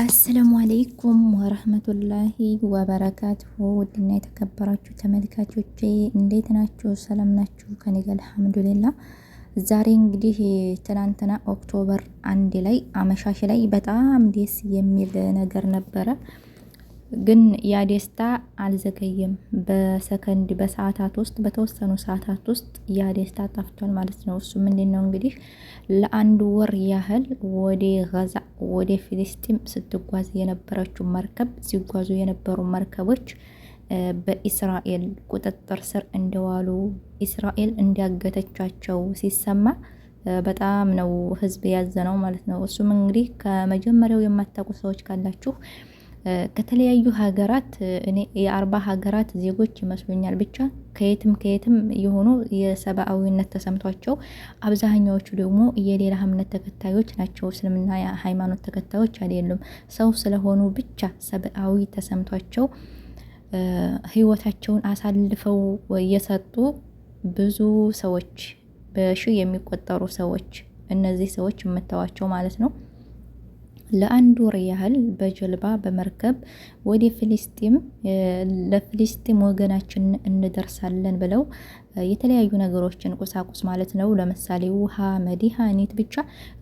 አሰላሙ አለይኩም ወረህመቱላሂ ወበረካቱሁ ውድና የተከበራችሁ ተመልካቾቼ እንዴት ናችሁ? ሰላም ናችሁ? ከኔ ጋር አልሐምዱሊላ። ዛሬ እንግዲህ ትናንትና ኦክቶበር አንድ ላይ አመሻሽ ላይ በጣም ደስ የሚል ነገር ነበረ። ግን ያ ደስታ አልዘገየም። በሰከንድ በሰዓታት ውስጥ በተወሰኑ ሰዓታት ውስጥ ያ ደስታ ጠፍቷል ማለት ነው። እሱ ምንድን ነው እንግዲህ ለአንድ ወር ያህል ወደ ጋዛ ወደ ፊልስጢም ስትጓዝ የነበረችው መርከብ ሲጓዙ የነበሩ መርከቦች በኢስራኤል ቁጥጥር ስር እንደዋሉ ኢስራኤል እንዲያገተቻቸው ሲሰማ በጣም ነው ህዝብ ያዘነው ማለት ነው። እሱም እንግዲህ ከመጀመሪያው የማታውቁ ሰዎች ካላችሁ ከተለያዩ ሀገራት እኔ የአርባ ሀገራት ዜጎች ይመስሉኛል። ብቻ ከየትም ከየትም የሆኑ የሰብአዊነት ተሰምቷቸው አብዛኛዎቹ ደግሞ የሌላ እምነት ተከታዮች ናቸው። እስልምና ሃይማኖት ተከታዮች አይደሉም። ሰው ስለሆኑ ብቻ ሰብአዊ ተሰምቷቸው ህይወታቸውን አሳልፈው የሰጡ ብዙ ሰዎች፣ በሺ የሚቆጠሩ ሰዎች እነዚህ ሰዎች የምታዋቸው ማለት ነው። ለአንድ ወር ያህል በጀልባ በመርከብ ወደ ፍልስጤም ለፍልስጤም ወገናችን እንደርሳለን ብለው የተለያዩ ነገሮችን ቁሳቁስ ማለት ነው። ለምሳሌ ውሃ፣ መድኃኒት፣ ብቻ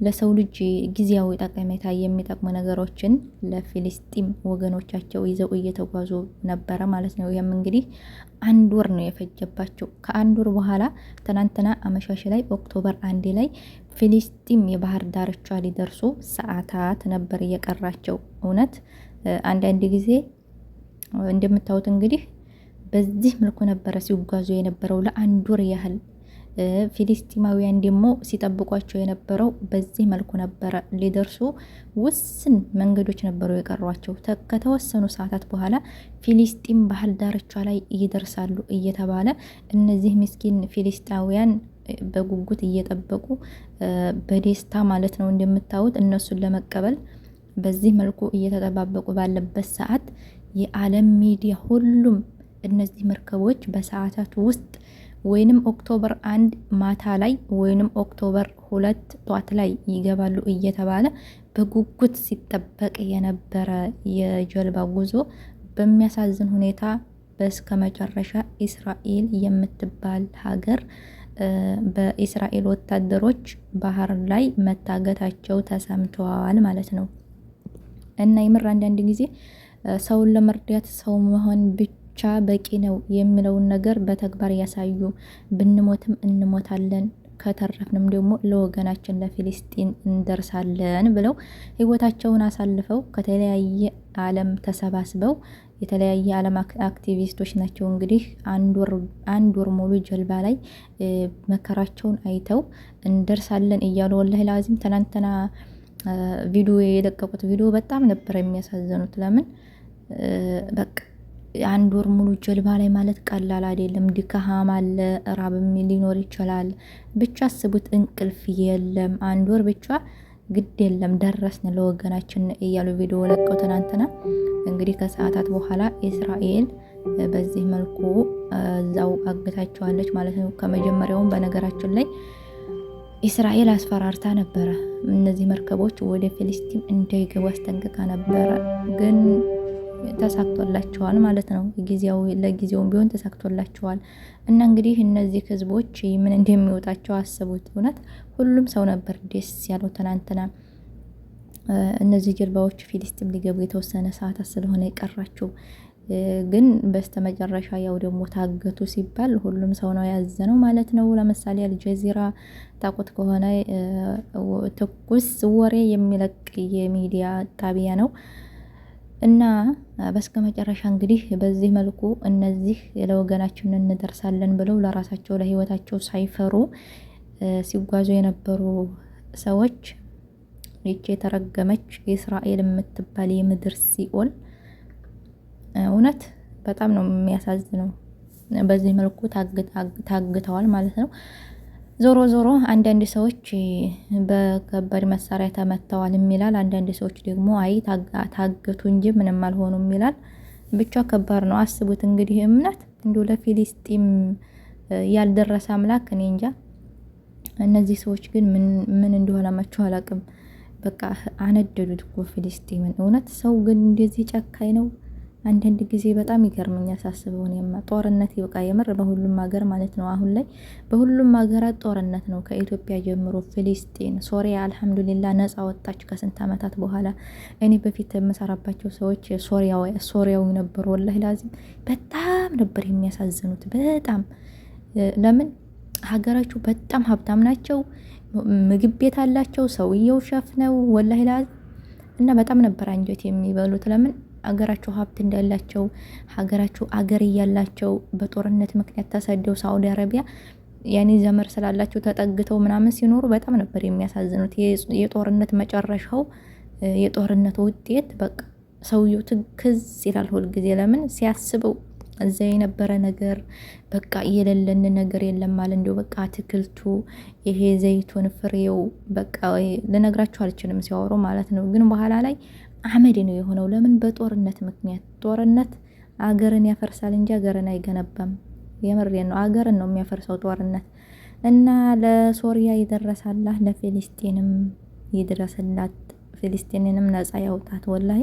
ለሰው ልጅ ጊዜያዊ ጠቀሜታ የሚጠቅሙ ነገሮችን ለፊልስጢም ወገኖቻቸው ይዘው እየተጓዙ ነበረ ማለት ነው። ይህም እንግዲህ አንድ ወር ነው የፈጀባቸው። ከአንድ ወር በኋላ ትናንትና አመሻሽ ላይ ኦክቶበር አንድ ላይ ፊሊስጢም የባህር ዳርቻ ሊደርሱ ሰዓታት ነበር እየቀራቸው። እውነት አንዳንድ ጊዜ እንደምታዩት እንግዲህ በዚህ መልኩ ነበረ ሲጓዙ የነበረው ለአንድ ወር ያህል። ፊሊስጢማውያን ደግሞ ሲጠብቋቸው የነበረው በዚህ መልኩ ነበረ። ሊደርሱ ውስን መንገዶች ነበሩ የቀሯቸው። ከተወሰኑ ሰዓታት በኋላ ፊሊስጢም ባህር ዳርቻ ላይ ይደርሳሉ እየተባለ እነዚህ ምስኪን ፊሊስጣውያን በጉጉት እየጠበቁ በደስታ ማለት ነው እንደምታዩት እነሱን ለመቀበል በዚህ መልኩ እየተጠባበቁ ባለበት ሰዓት የዓለም ሚዲያ ሁሉም እነዚህ መርከቦች በሰዓታት ውስጥ ወይንም ኦክቶበር አንድ ማታ ላይ ወይንም ኦክቶበር ሁለት ጧት ላይ ይገባሉ እየተባለ በጉጉት ሲጠበቅ የነበረ የጀልባ ጉዞ በሚያሳዝን ሁኔታ በስከ መጨረሻ ኢስራኤል የምትባል ሀገር በእስራኤል ወታደሮች ባህር ላይ መታገታቸው ተሰምተዋል ማለት ነው። እና የምር አንዳንድ ጊዜ ሰውን ለመርዳት ሰው መሆን ብቻ በቂ ነው የሚለውን ነገር በተግባር ያሳዩ። ብንሞትም እንሞታለን ከተረፍንም ደግሞ ለወገናችን ለፊልስጢን እንደርሳለን ብለው ህይወታቸውን አሳልፈው ከተለያየ ዓለም ተሰባስበው የተለያየ ዓለም አክቲቪስቶች ናቸው። እንግዲህ አንድ ወር ሙሉ ጀልባ ላይ መከራቸውን አይተው እንደርሳለን እያሉ ወላሂ ላዚም ትናንትና ቪዲዮ የለቀቁት ቪዲዮ በጣም ነበር የሚያሳዘኑት። ለምን በቃ አንድ ወር ሙሉ ጀልባ ላይ ማለት ቀላል አይደለም። ድካሃም አለ፣ ራብም ሊኖር ይችላል። ብቻ አስቡት፣ እንቅልፍ የለም። አንድ ወር ብቻ ግድ የለም ደረስን ለወገናችን እያሉ ቪዲዮ ለቀው ትናንትና። እንግዲህ ከሰዓታት በኋላ እስራኤል በዚህ መልኩ እዛው አግታቸዋለች ማለት ነው። ከመጀመሪያውም በነገራችን ላይ እስራኤል አስፈራርታ ነበረ፣ እነዚህ መርከቦች ወደ ፊልስጢን እንዳይገቡ አስጠንቅቃ ነበረ ግን ተሳክቶላቸዋል ማለት ነው። ጊዜው ለጊዜውም ቢሆን ተሳክቶላቸዋል እና እንግዲህ እነዚህ ህዝቦች ምን እንደሚወጣቸው አስቡት። እውነት ሁሉም ሰው ነበር ደስ ያለው ትናንትና። እነዚህ ጀልባዎች ፊሊስጢም ሊገቡ የተወሰነ ሰዓት ስለሆነ የቀራቸው ግን በስተመጨረሻ ያው ደግሞ ታገቱ ሲባል ሁሉም ሰው ነው ያዘነው ማለት ነው። ለምሳሌ አልጀዚራ ታቁት ከሆነ ትኩስ ወሬ የሚለቅ የሚዲያ ጣቢያ ነው። እና በስከ መጨረሻ እንግዲህ በዚህ መልኩ እነዚህ ለወገናችን እንደርሳለን ብለው ለራሳቸው ለህይወታቸው ሳይፈሩ ሲጓዙ የነበሩ ሰዎች ይች የተረገመች እስራኤል የምትባል የምድር ሲኦል እውነት በጣም ነው የሚያሳዝነው። በዚህ መልኩ ታግተዋል ማለት ነው። ዞሮ ዞሮ አንዳንድ ሰዎች በከባድ መሳሪያ ተመተዋል የሚላል፣ አንዳንድ ሰዎች ደግሞ አይ ታገቱ እንጂ ምንም አልሆኑም የሚላል። ብቻ ከባድ ነው። አስቡት እንግዲህ እምነት እንዲ ለፊሊስጢም ያልደረሰ አምላክ እኔ እንጃ። እነዚህ ሰዎች ግን ምን እንደሆነ መቸው አላቅም። በቃ አነደዱት እኮ ፊሊስጢምን። እውነት ሰው ግን እንደዚህ ጨካኝ ነው። አንዳንድ ጊዜ በጣም ይገርመኛል ሳስበው እኔማ ጦርነት ይብቃ የምር በሁሉም ሀገር ማለት ነው። አሁን ላይ በሁሉም ሀገራት ጦርነት ነው። ከኢትዮጵያ ጀምሮ ፍልስጤን፣ ሶሪያ አልሐምዱሊላ ነጻ ወጣች ከስንት ዓመታት በኋላ። እኔ በፊት የምሰራባቸው ሰዎች ሶሪያዊ ነበሩ። ወላሂ ላዚም በጣም ነበር የሚያሳዝኑት። በጣም ለምን ሀገራቸው በጣም ሀብታም ናቸው። ምግብ ቤት አላቸው። ሰውየው ሸፍ ነው ወላሂ ላዚም እና በጣም ነበር አንጀት የሚበሉት ለምን አገራቸው ሀብት እንዳላቸው ሀገራቸው አገር እያላቸው በጦርነት ምክንያት ተሰደው ሳውዲ አረቢያ ያኔ ዘመር ስላላቸው ተጠግተው ምናምን ሲኖሩ በጣም ነበር የሚያሳዝኑት። የጦርነት መጨረሻው የጦርነት ውጤት በቃ ሰውየው ትክዝ ይላል ሁልጊዜ። ለምን ሲያስበው እዛ የነበረ ነገር በቃ የሌለን ነገር የለም ማለት እንዲሁ በቃ አትክልቱ፣ ይሄ ዘይቱን ፍሬው በቃ ልነግራችሁ አልችልም ሲያወሩ ማለት ነው። ግን በኋላ ላይ አመድ ነው የሆነው። ለምን? በጦርነት ምክንያት። ጦርነት አገርን ያፈርሳል እንጂ አገርን አይገነባም። የምሬ ነው። አገርን ነው የሚያፈርሰው ጦርነት እና ለሶሪያ ይደረሳላህ፣ ለፊሊስጢንም ይድረስላት፣ ፊሊስጢንንም ነጻ ያውጣት። ወላይ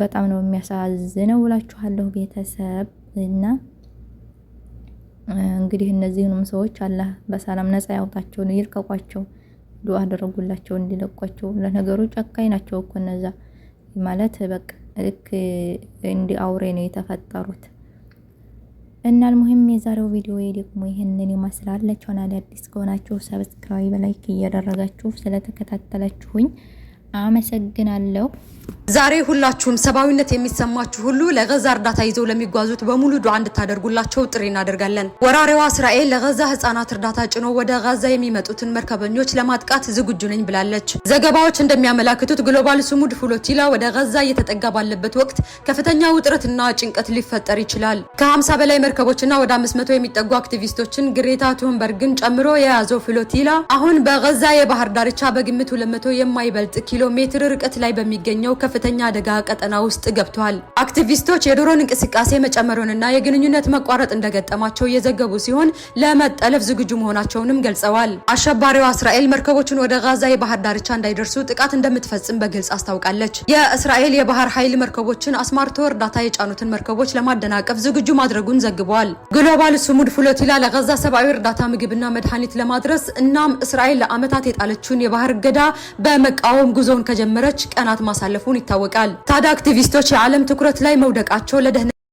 በጣም ነው የሚያሳዝነው ብላችኋለሁ ቤተሰብ እና እንግዲህ እነዚህንም ሰዎች አላህ በሰላም ነጻ ያውጣቸው፣ ይልቀቋቸው። ዱዓ አደረጉላቸው እንዲለቋቸው። ለነገሩ ጨካኝ ናቸው እኮ እነዛ ማለት በቃ ልክ እንዲ አውሬ ነው የተፈጠሩት። እና አልሙሂም የዛሬው ቪዲዮ ደግሞ ይህንን ይመስላል። ለቻናሌ አዲስ ከሆናችሁ ሰብስክራይብ፣ ላይክ እያደረጋችሁ ስለተከታተላችሁኝ አመሰግናለሁ። ዛሬ ሁላችሁም ሰብአዊነት የሚሰማችሁ ሁሉ ለገዛ እርዳታ ይዘው ለሚጓዙት በሙሉ ዱዓ እንድታደርጉላቸው ጥሪ እናደርጋለን። ወራሪዋ እስራኤል ለገዛ ህጻናት እርዳታ ጭኖ ወደ ጋዛ የሚመጡትን መርከበኞች ለማጥቃት ዝግጁ ነኝ ብላለች። ዘገባዎች እንደሚያመላክቱት ግሎባል ስሙድ ፍሎቲላ ወደ ጋዛ እየተጠጋ ባለበት ወቅት ከፍተኛ ውጥረትና ጭንቀት ሊፈጠር ይችላል። ከ50 በላይ መርከቦችና ወደ 500 የሚጠጉ አክቲቪስቶችን ግሬታ ቱንበርግን ጨምሮ የያዘው ፍሎቲላ አሁን በጋዛ የባህር ዳርቻ በግምት 200 የማይበልጥ ኪሎ ኪሎ ሜትር ርቀት ላይ በሚገኘው ከፍተኛ አደጋ ቀጠና ውስጥ ገብቷል። አክቲቪስቶች የድሮን እንቅስቃሴ መጨመሩንና የግንኙነት መቋረጥ እንደገጠማቸው እየዘገቡ ሲሆን ለመጠለፍ ዝግጁ መሆናቸውንም ገልጸዋል። አሸባሪው እስራኤል መርከቦችን ወደ ጋዛ የባህር ዳርቻ እንዳይደርሱ ጥቃት እንደምትፈጽም በግልጽ አስታውቃለች። የእስራኤል የባህር ኃይል መርከቦችን አስማርቶ እርዳታ የጫኑትን መርከቦች ለማደናቀፍ ዝግጁ ማድረጉን ዘግበዋል። ግሎባል ሱሙድ ፍሎቲላ ለጋዛ ሰብአዊ እርዳታ ምግብና መድኃኒት ለማድረስ እናም እስራኤል ለዓመታት የጣለችውን የባህር እገዳ በመቃወም ጉዞ ጉዞውን ከጀመረች ቀናት ማሳለፉን ይታወቃል። ታዲያ አክቲቪስቶች የዓለም ትኩረት ላይ መውደቃቸው ለደህንነት